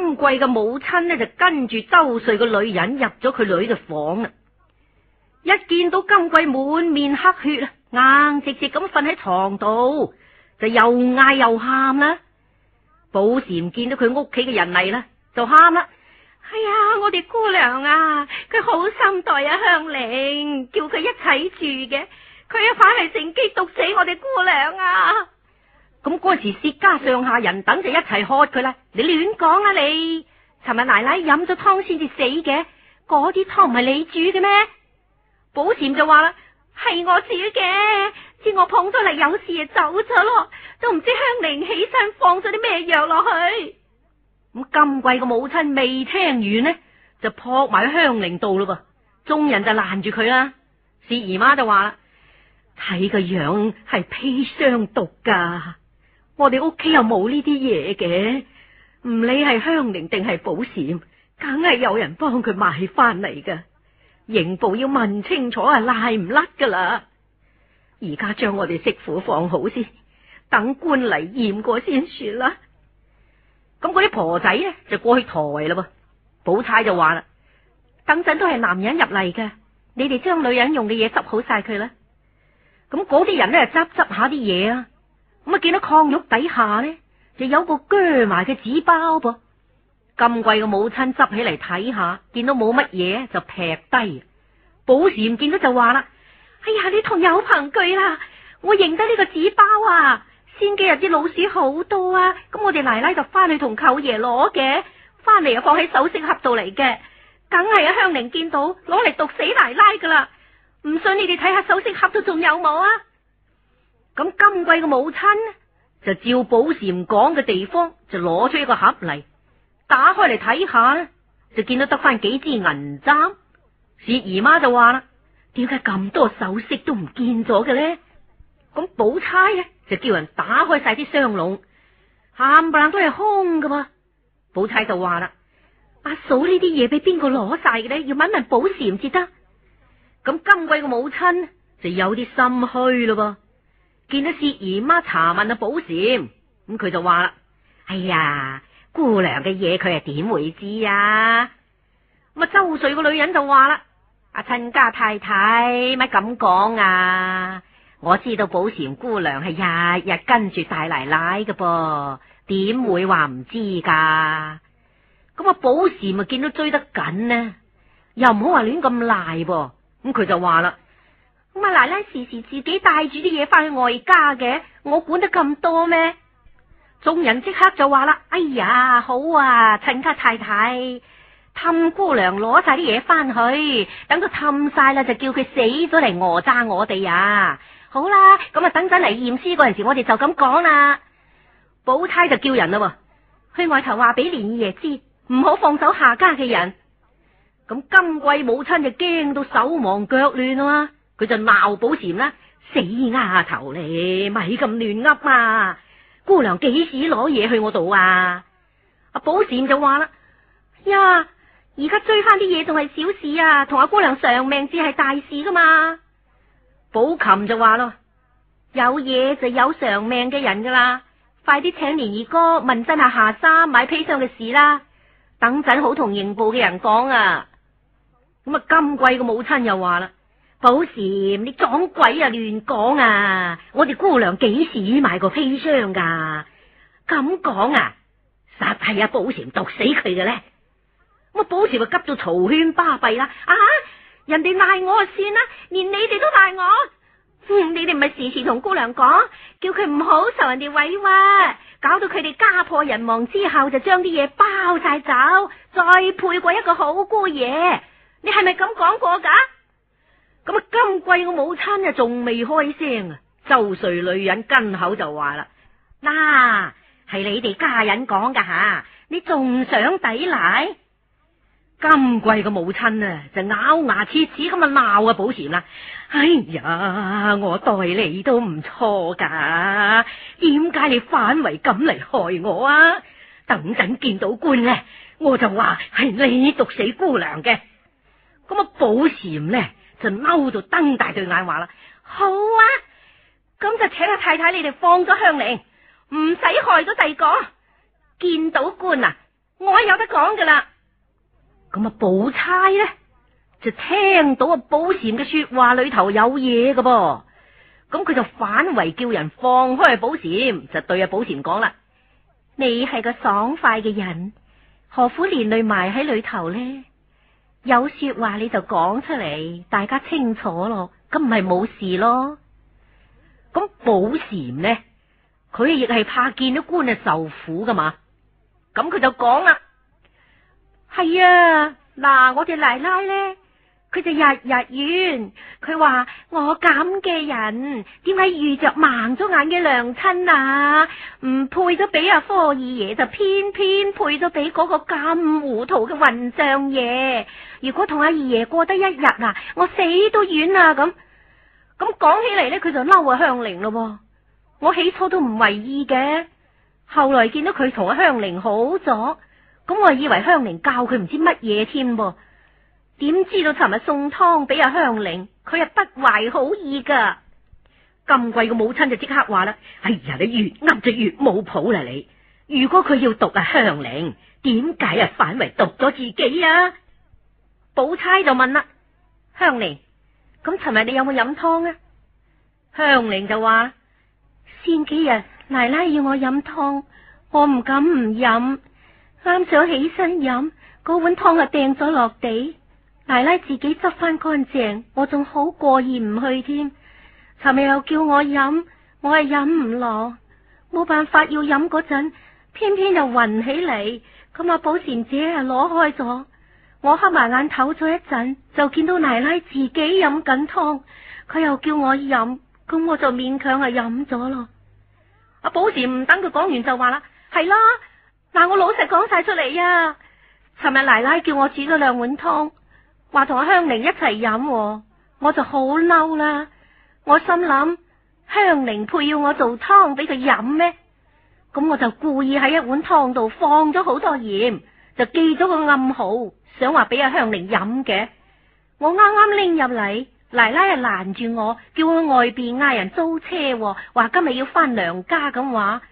金桂嘅母親咧就跟住周瑞嘅女人入咗佢女嘅房啊！一見到金桂滿面黑血啊，硬直直咁瞓喺床度，就又嗌又喊啦！寶蟾見到佢屋企嘅人嚟啦，就喊啦，係啊、哎，我哋姑娘啊，佢好心待啊香菱，叫佢一齊住嘅，佢反嚟，趁機毒死我哋姑娘啊！咁嗰時薛家上下人等就一齊喝佢啦！你亂講啊你！尋日奶奶飲咗湯先至死嘅，嗰啲湯唔係你煮嘅咩？寶蟾就話啦，係我煮嘅，知我捧咗嚟，有事就走咗咯，都唔知香菱起身放咗啲咩藥落去。咁金桂嘅母親未聽完呢，就撲埋去香菱度咯噃，眾人就攔住佢啦。薛姨媽就話啦，睇個樣係砒霜毒噶。我哋屋企又冇呢啲嘢嘅，唔理係香菱定係寶蟾，梗係有人幫佢買翻嚟噶。刑部要問清楚係，賴唔甩噶啦。而家將我哋媳婦放好先，等官嚟驗過先算啦。咁嗰啲婆仔呢，就過去抬啦噃。寶釵就話啦：等陣都係男人入嚟噶，你哋將女人用嘅嘢執好晒佢啦。咁嗰啲人呢，執執下啲嘢啊，咁啊！見到炕褥底下呢，就有個鋸埋嘅紙包噃。金桂嘅母親執起嚟睇下，見到冇乜嘢就劈低。寶蟾見到就話啦：哎呀，你同友憑據啦，我認得呢個紙包啊！先幾日啲老鼠好多啊，咁我哋奶奶就翻去同舅爺攞嘅，翻嚟又放喺首飾盒度嚟嘅，梗係啊，香菱見到攞嚟毒死奶奶噶啦！唔信你哋睇下首飾盒度仲有冇啊！咁金桂嘅母親呢，就照寶蟾講嘅地方就攞出一個盒嚟打開嚟睇下咧，就見到得翻幾支銀簪。薛姨媽就話啦：點解咁多首飾都唔見咗嘅咧？咁寶釵呢，就叫人打開晒啲箱籠，冚唪唥都係空嘅。寶釵就話啦：阿嫂，呢啲嘢俾邊個攞晒嘅咧？要問一問寶蟾至得。咁金桂嘅母親就有啲心虛咯噃。見到薛姨媽查問阿寶蟾，咁、嗯、佢就話啦：，哎呀，姑娘嘅嘢，佢係點會知啊？咁啊，周瑞個女人就話啦：，阿、啊、親家太太，咪咁講啊？我知道寶蟾姑娘係日日跟住大奶奶嘅噃，點會話唔知噶？咁啊，寶蟾咪見到追得緊呢、啊，又唔好話亂咁賴噃，咁、嗯、佢就話啦。咁啊！奶奶時時自己帶住啲嘢翻去外家嘅，我管得咁多咩？眾人即刻就話啦：哎呀，好啊，親家太太，氹姑娘攞晒啲嘢翻去，等到氹晒啦，就叫佢死咗嚟訛詐我哋啊！好啦，咁啊，就等陣嚟驗屍嗰陣時，我哋就咁講啦。寶釵就叫人啦，去外頭話俾璉二爺知，唔好放手下家嘅人。咁金桂母親就驚到手忙腳亂啊！佢就鬧寶蟾啦！死丫頭嚟，咪咁亂噏嘛！姑娘幾時攞嘢去我度啊？阿寶蟾就話啦：呀，而家追翻啲嘢仲係小事啊，同阿姑娘償命至係大事噶，啊、嘛！寶琴就話咯：有嘢就有償命嘅人噶啦，快啲請璉二哥問真下下沙買砒霜嘅事啦，等陣好同刑部嘅人講啊！咁啊，金桂嘅母親又話啦。寶蟾，你撞鬼啊！亂講啊！我哋姑娘幾時買過砒霜噶？咁講啊，實係啊，寶蟾毒死佢嘅咧。我寶蟾就急到嘈喧巴閉啦、啊！啊，人哋賴我就算啦，連你哋都賴我。嗯，你哋咪時時同姑娘講，叫佢唔好受人哋委屈，搞到佢哋家破人亡之後，就將啲嘢包晒走，再配過一個好姑爺。你係咪咁講過噶？咁啊！金桂個母親啊仲未開聲啊，周瑞女人跟口就話啦：嗱、啊，係你哋家人講噶吓，你仲想抵賴？金桂個母親啊，就咬牙切齒咁啊鬧啊！寶嬋啦，哎呀，我待你都唔錯噶，點解你反為咁嚟害我啊？等等見到官呢，我就話係你毒死姑娘嘅。咁啊，寶嬋呢。就嬲到瞪大對眼，話啦：好啊，咁就請阿太太你哋放咗香菱，唔使害咗第二個。見到官啊，我有得講噶啦。咁啊，寶釵呢就聽到阿寶蟾嘅說話裏頭有嘢噶噃。咁佢就反為叫人放開寶蟾，就對阿寶蟾講啦：你係個爽快嘅人，何苦連累埋喺裏頭呢？有說話你就講出嚟，大家清楚咯，咁唔係冇事咯。咁寶蟾呢？佢亦係怕見到官啊受苦噶嘛，咁佢就講啦，係啊，嗱我哋奶奶咧。佢就日日怨，佢話我咁嘅人，點解遇着盲咗眼嘅娘親啊？唔配咗俾阿科二爺，就偏偏配咗俾嗰個咁糊塗嘅混賬爺。如果同阿二爺過得一日啊，我死都願啊咁。咁講起嚟咧，佢就嬲阿香菱咯。我起初都唔為意嘅，後來見到佢同阿香菱好咗，咁我以為香菱教佢唔知乜嘢添噃。點知道尋日送湯俾阿香菱，佢係不懷好意噶。金桂個母親就即刻話啦，哎呀，你越噏就越冇譜啦！你如果佢要毒阿香菱，點解啊反為毒咗自己啊？寶釵就問啦，香菱，咁尋日你有冇飲湯啊？香菱就話，先幾日奶奶要我飲湯，我唔敢唔飲，啱想起身飲，嗰碗湯啊掟咗落地。奶奶自己執翻乾淨，我仲好過意唔去添。尋日又叫我飲，我係飲唔落，冇辦法要飲嗰陣，偏偏又暈起嚟。咁阿寶嬋姐係攞開咗，我黑埋眼唞咗一陣，就見到奶奶自己飲緊湯。佢又叫我飲，咁我就勉強係飲咗咯。阿寶嬋唔等佢講完就話啦，係啦，嗱我老實講晒出嚟啊！尋日奶奶叫我煮咗兩碗湯。話同阿香菱一齊飲，我就好嬲啦。我心諗香菱配要我做湯俾佢飲咩？咁我就故意喺一碗湯度放咗好多鹽，就記咗個暗號，想話俾阿香菱飲嘅。我啱啱拎入嚟，奶奶又攔住我，叫我外邊嗌人租車，話今日要翻娘家咁話。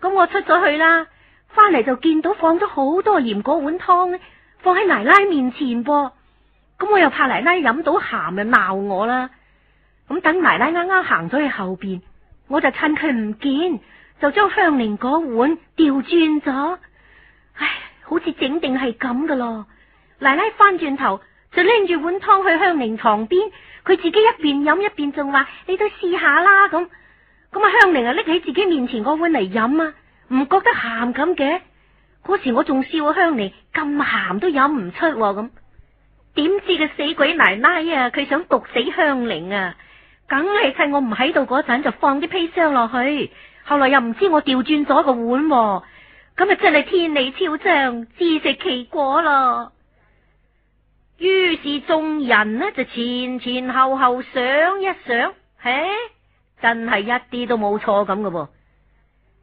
咁我出咗去啦，翻嚟就見到放咗好多鹽嗰碗湯放喺奶奶面前噃。咁我又怕奶奶飲到鹹又鬧我啦，咁等奶奶啱啱行咗去後邊，我就趁佢唔見，就將香菱嗰碗調轉咗。唉，好似整定係咁噶咯。奶奶翻轉頭就拎住碗湯去香菱床邊，佢自己一邊飲一邊仲話：你都試下啦咁。咁啊，香菱啊拎起自己面前嗰碗嚟飲啊，唔覺得鹹咁嘅。嗰時我仲笑香菱：「咁鹹都飲唔出咁。點知個死鬼奶奶啊！佢想毒死香菱啊！梗係趁我唔喺度嗰陣就放啲砒霜落去，後來又唔知我調轉咗個碗，啊，咁啊真係天理昭彰，自食其果咯。於是眾人呢、啊、就前前後後想一想，唉，真係一啲都冇錯咁噶。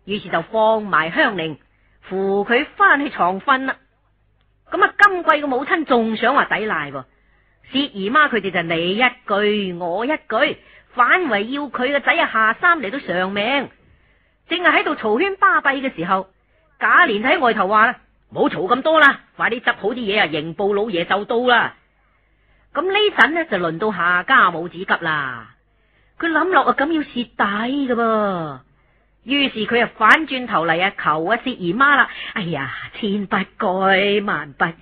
於是就放埋香菱，扶佢翻去床瞓啦。咁啊！金桂個母親仲想話抵賴喎，薛姨媽佢哋就你一句我一句，反為要佢個仔啊下山嚟到償命，正係喺度嘈喧巴閉嘅時候，賈璉喺外頭話啦：唔好嘈咁多啦，快啲執好啲嘢啊，刑部老爺就到啦。咁呢陣呢，就輪到夏家母子急啦，佢諗落啊咁要蝕底噶噃。於是佢又反轉頭嚟啊，求阿薛姨媽啦！哎呀，千不該萬不該，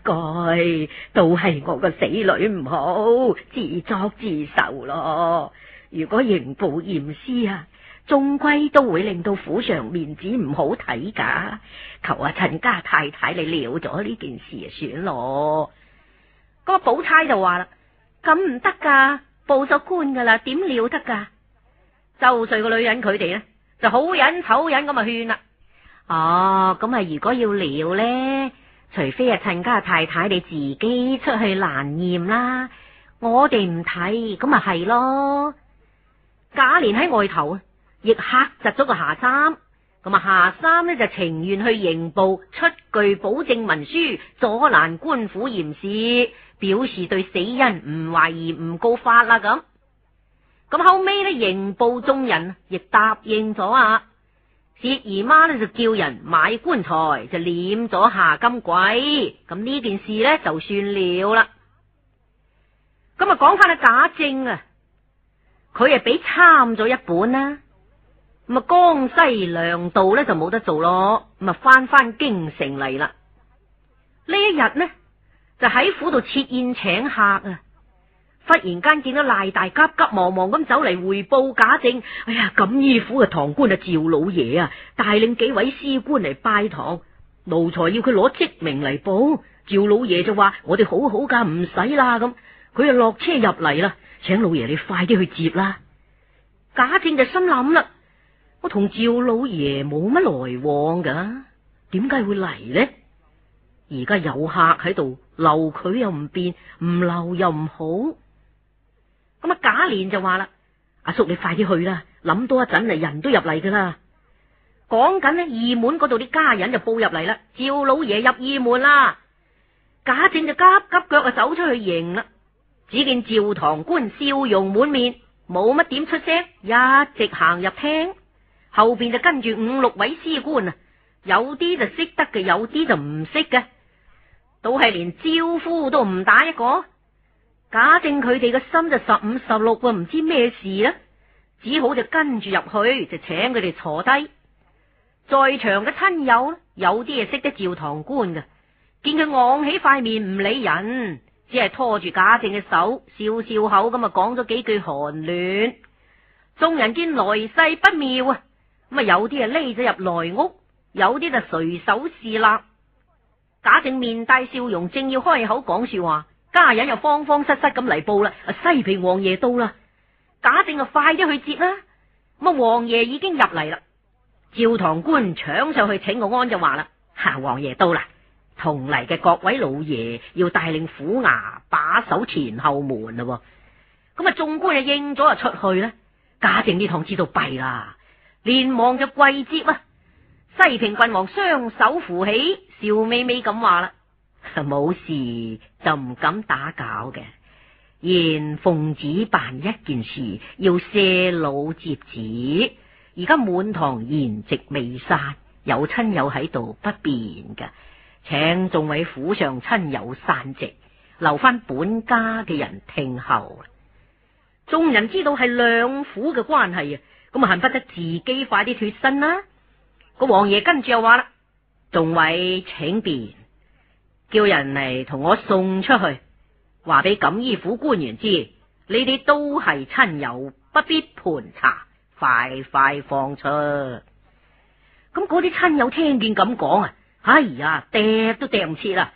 都係我個死女唔好，自作自受咯。如果刑部驗屍啊，終歸都會令到府上面子唔好睇噶。求阿、啊、陳家太太你料咗呢件事就就啊，算咯。嗰個寶釵就話啦，咁唔得噶，報咗官噶啦，點料得噶？周歲個女人佢哋咧？就好忍醜忍咁啊，勸啦！哦，咁啊如果要撩呢？除非啊趁家太太你自己出去難驗啦，我哋唔睇，咁咪係咯。賈璉喺外頭啊，亦吓窒咗個夏三，咁啊夏三呢，就情願去刑部出具保證文書，阻攔官府驗屍，表示對死因唔懷疑，唔告發啦咁。咁後尾呢，刑部眾人亦答應咗啊！薛姨媽呢，就叫人買棺材，就殮咗夏金桂。咁呢件事呢，就算了啦。咁啊，講翻阿賈政啊，佢啊俾參咗一本啦。咁啊，江西糧道呢，就冇得做咯。咁啊，翻翻京城嚟啦。呢一日呢，就喺府度設宴請客啊！忽然間見到賴大急急忙忙咁走嚟，匯報賈政哎呀，錦衣府嘅堂官趙爺啊，趙老爺啊帶領幾位司官嚟拜堂，奴才要佢攞職名嚟報，趙老爺就話我哋好好噶，唔使啦咁，佢就落車入嚟啦，請老爺你快啲去接啦。賈政就心諗啦，我同趙老爺冇乜來往噶，點解會嚟呢？而家有客喺度留佢又唔變，唔留又唔好。咁啊！賈璉就話啦：阿叔，你快啲去啦，諗多一陣啊，人都入嚟噶啦。講緊呢，二門嗰度啲家人就報入嚟啦。趙老爺入二門啦。賈政就急急腳啊，走出去迎啦。只見趙堂官笑容滿面，冇乜點出聲，一直行入廳，後邊就跟住五六位司官啊，有啲就識得嘅，有啲就唔識嘅，都係連招呼都唔打一個。賈政佢哋個心就十五十六啊，唔知咩事啦，只好就跟住入去，就請佢哋坐低。在場嘅親友咧，有啲係識得趙堂官嘅，見佢昂起塊面唔理人，只係拖住賈政嘅手，笑笑口咁啊講咗幾句寒暖。眾人見來勢不妙啊，咁啊有啲係匿咗入嚟屋，有啲就垂手侍立。賈政面帶笑容，正要開口講說話。家人又慌慌失失咁嚟報啦，西平王爺到啦，賈政就快啲去接啦。咁啊，王爺已經入嚟啦，趙堂官搶上去請個安就話啦：吓、啊，王爺到啦，同嚟嘅各位老爺要帶領虎牙把守前後門咯。咁啊，眾官就應咗出去啦。賈政呢趟知道弊啦，連忙就跪接啦。西平郡王雙手扶起，笑眯眯咁話啦。冇事就唔敢打攪嘅，現奉旨辦一件事，要赦老接旨。而家滿堂筵席未散，有親友喺度不便噶，請眾位府上親友散席，留翻本家嘅人聽候。眾人知道係兩府嘅關係啊，咁啊，恨不得自己快啲脫身啦、啊。個王爺跟住又話啦：眾位請便。叫人嚟同我送出去，話俾錦衣府官員知，呢啲都係親友，不必盤查，快快放出。咁嗰啲親友聽見咁講啊，哎呀，掟都掟唔切啦！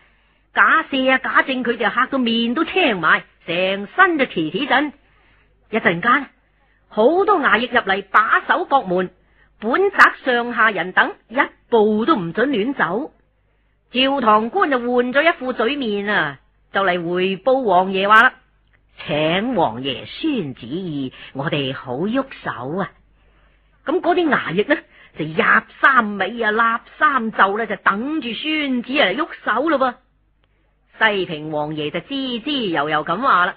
賈赦啊，賈政佢哋吓到面都青埋，成身就起起震。一陣間，好多衙役入嚟把守各門，本宅上下人等一步都唔准亂走。趙堂官就換咗一副嘴面啊，就嚟回報王爺話啦，請王爺宣旨，我哋好喐手啊！咁嗰啲衙役呢，就壓三尾啊，立三袖咧，就等住孫子嚟喐手咯噃。西平王爺就滋滋悠悠咁話啦，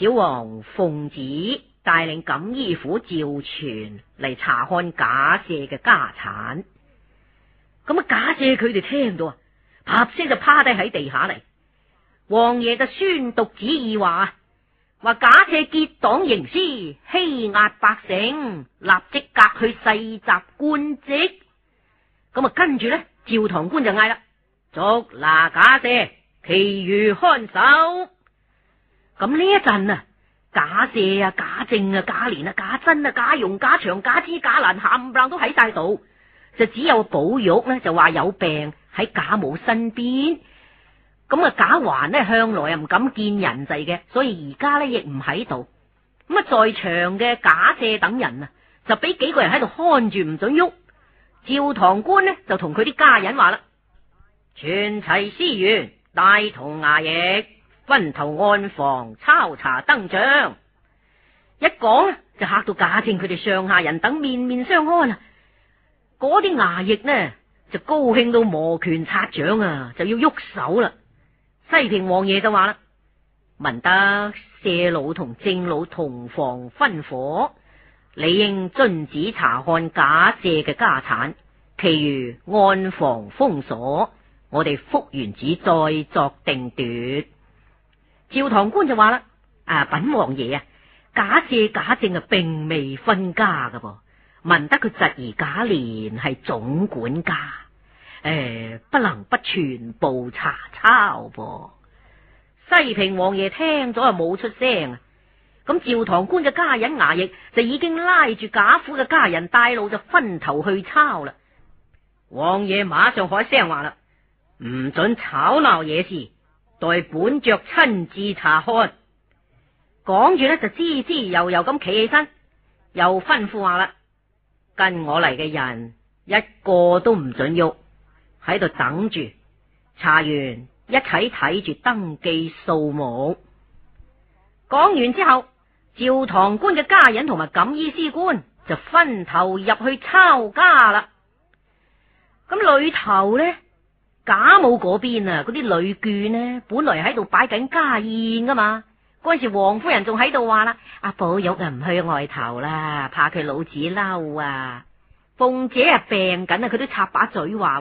小王奉旨帶領錦衣府趙全嚟查看賈赦嘅家產。咁啊！賈赦佢哋聽到啊，啪聲就趴低喺地下嚟。王爺就宣讀旨意話：話賈赦結黨營私、欺壓百姓，立即革去世襲官職。咁啊，跟住呢，趙堂官就嗌啦：捉拿賈赦，其餘看守。咁呢一陣啊，賈赦啊、賈政啊、賈璉啊、賈珍啊、賈蓉、賈薔、賈芝、賈蘭冚唪唥都喺晒度。就只有寶玉呢，就話有病喺賈母身邊。咁啊，賈環呢，向來又唔敢見人哋嘅，所以而家呢，亦唔喺度。咁啊，在場嘅賈赦等人啊，就俾幾個人喺度看住，唔准喐。趙堂官呢，就同佢啲家人話啦：，全齊司員，帶同牙役，分頭按房，抄查登帳。一講呢就嚇到賈政佢哋上下人等面面相看啦。嗰啲衙役呢，就高興到摩拳擦掌啊，就要喐手啦。西平王爺就話啦：，聞得赦老同政老同房分火，理應遵旨查看假赦嘅家產，其餘按房封鎖。我哋覆完旨再作定奪。趙堂官就話啦：，啊，稟王爺啊，假赦假正啊，並未分家噶噃，啊。聞得佢侄兒賈璉係總管家，誒，不能不全部查抄噃。西平王爺聽咗啊，冇出聲啊。咁趙堂官嘅家人衙役就已經拉住賈府嘅家人帶路，就分頭去抄啦。王爺馬上開聲話啦，唔准吵鬧野事，待本爵親自查看。講住呢，就滋滋悠悠咁企起身，又吩咐話啦。跟我嚟嘅人一個都唔准喐，喺度等住查完一齊睇住登記數目。講完之後，趙堂官嘅家人同埋錦衣司官就分頭入去抄家啦。咁裏頭呢，賈母嗰邊啊，嗰啲女眷呢，本來喺度擺緊家宴噶嘛。嗰時王夫人仲喺度話啦，阿寶玉啊，唔去外頭啦，怕佢老子嬲啊。鳳姐啊病緊啊，佢都插把嘴話，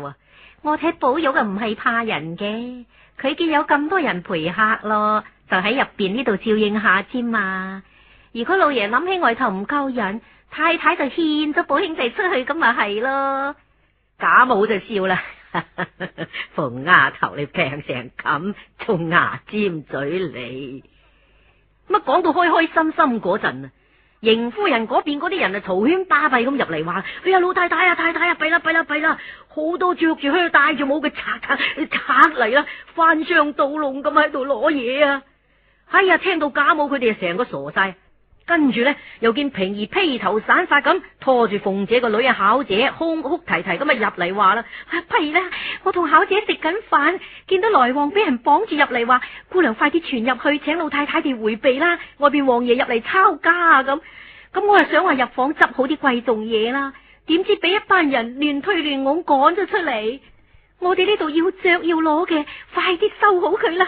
我睇寶玉啊唔係怕人嘅，佢見有咁多人陪客咯，就喺入邊呢度照應下啫嘛。如果老爺諗起外頭唔夠人，太太就遣咗寶兄弟出去，咁咪係咯。賈母就笑啦，鳳 丫頭你病成咁，仲牙尖嘴利。乜講到開開心心嗰陣啊，邢夫人嗰邊嗰啲人啊，嘈喧巴閉咁入嚟話：，哎呀，老太太啊，太太啊，弊啦，弊啦，弊啦，好多着住靴、戴住帽嘅賊啊，賊嚟啦，翻箱倒籠咁喺度攞嘢啊！哎呀，聽到賈母佢哋啊，成個傻晒。.跟住呢，又見平兒披頭散髮咁拖住鳳姐個女啊巧姐，哭哭啼啼咁入嚟話啦：，啊不如啦，我同巧姐食緊飯，見到來往俾人綁住入嚟，話姑娘快啲傳入去請老太太哋回避啦，外邊王爺入嚟抄家啊咁。咁我係想話入房執好啲貴重嘢啦，點知俾一班人亂推亂拱趕咗出嚟，我哋呢度要着要攞嘅，快啲收好佢啦。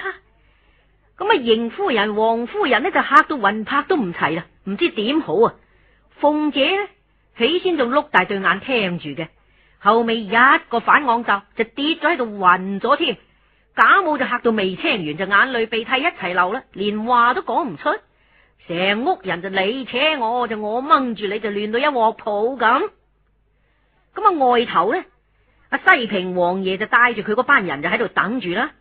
咁啊！邢夫人、王夫人呢就嚇到魂魄都唔齊啦，唔知點好啊！鳳姐呢起先仲碌大對眼聽住嘅，後尾一個反昂咒就跌咗喺度暈咗添。賈母就嚇到未聽完就眼淚鼻涕一齊流啦，連話都講唔出。成屋人就你扯我就我掹住你就亂到一鑊泡咁。咁啊外頭呢阿西平王爺就帶住佢嗰班人就喺度等住啦。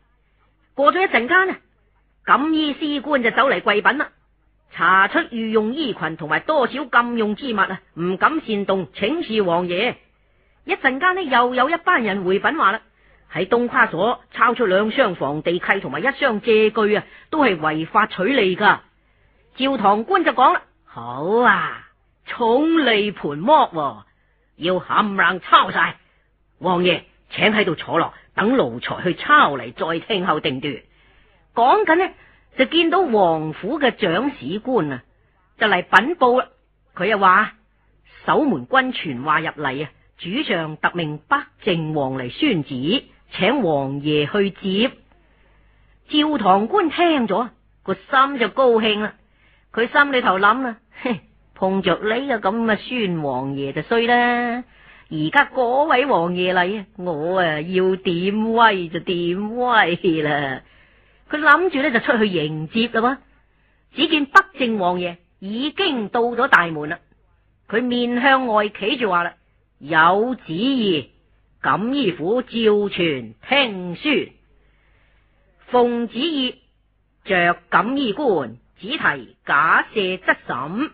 過咗一陣間啊！錦衣司官就走嚟跪禀啦，查出御用衣裙同埋多少禁用之物啊，唔敢擅動，請示王爺。一陣間呢，又有一班人回禀話啦，喺東跨所抄出兩箱房地契同埋一箱借據啊，都係違法取利噶。趙堂官就講啦：，好啊，重利盤剝喎，要冚唪唥抄晒。王爺，請喺度坐落，等奴才去抄嚟再聽後定奪。講緊呢，就見到王府嘅長史官啊，就嚟稟報啦。佢又話守門軍傳話入嚟啊，主上特命北靖王嚟宣旨，請王爺去接。趙堂官聽咗個心就高興啦，佢心裏頭諗啦，嘿，碰着，呢個咁嘅孫王爺就衰啦。而家嗰位王爺嚟啊，我啊要點威就點威啦。佢諗住呢，就出去迎接啦，只見北靜王爺已經到咗大門啦。佢面向外企住話啦：有旨意，錦衣府趙傳聽宣。奉旨意，着錦衣官，只提賈赦質審，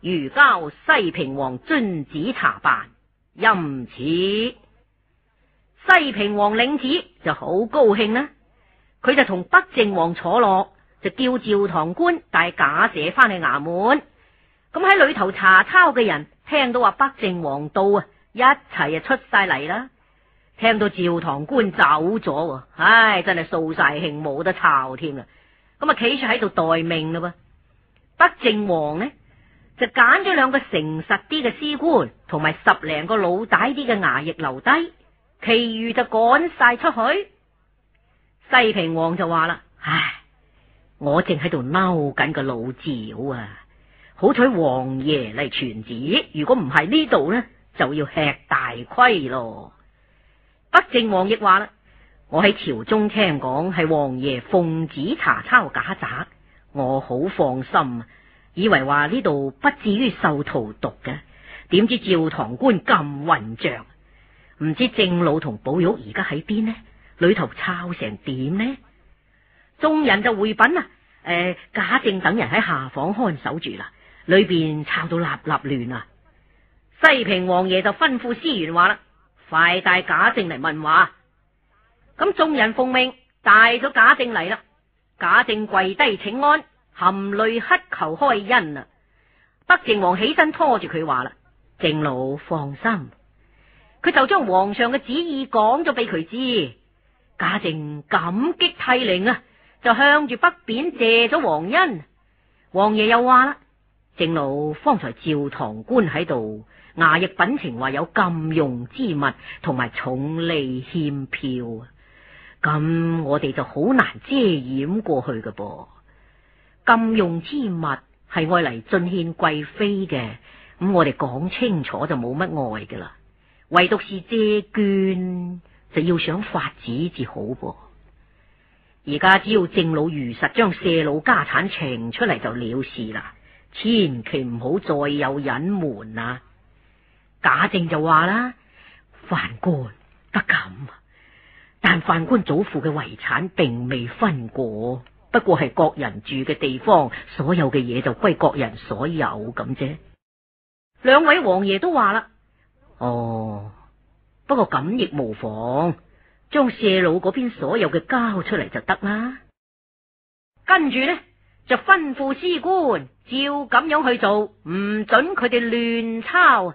餘交西平王遵旨查辦。因此，西平王領旨就好高興啦。佢就同北靜王坐落，就叫趙堂官帶賈赦翻去衙門。咁喺裏頭查抄嘅人聽到話北靜王到啊，一齊啊出晒嚟啦。聽到趙堂官走咗，唉，真係掃晒興，冇得抄添啊。咁啊，企住喺度待命咯噃。北靜王呢就揀咗兩個誠實啲嘅司官同埋十零個老大啲嘅衙役留低，其餘就趕晒出去。西平王就話啦：唉，我正喺度嬲緊個老趙啊！好彩王爺嚟傳旨，如果唔係呢度呢，就要吃大虧咯。北靜王亦話啦：我喺朝中聽講係王爺奉旨查抄賈宅，我好放心，以為話呢度不至於受荼毒嘅，點知趙堂官咁混賬，唔知政老同寶玉而家喺邊呢？裏頭抄成點呢？眾人就回禀啦。誒、欸，賈政等人喺下房看守住啦。裏邊抄到立立亂啊！西平王爺就吩咐司員話啦：快帶賈政嚟問話。咁眾人奉命帶咗賈政嚟啦。賈政跪低請安，含淚乞求開恩啊！北靜王起身拖住佢話啦：正老放心，佢就將皇上嘅旨意講咗俾佢知。賈政感激涕零啊，就向住北邊謝咗皇恩。王爺又話啦：正老方才趙堂官喺度，衙役稟情話有禁用之物同埋重利欠票，啊，咁我哋就好難遮掩過去嘅噃。禁用之物係愛嚟進獻貴妃嘅，咁我哋講清楚就冇乜愛噶啦，唯獨是借絹就要想法子至好噃！啊，而家只要政老如實將赦老家產呈出嚟，就了事啦，千祈唔好再有隱瞞啊！賈政就話啦，犯官不敢，但犯官祖父嘅遺產並未分過，不過係各人住嘅地方，所有嘅嘢就歸各人所有咁啫。兩位王爺都話啦，哦。不過咁亦無妨，將赦老嗰邊所有嘅交出嚟就得啦。跟住呢，就吩咐司官照咁樣去做，唔准佢哋亂抄。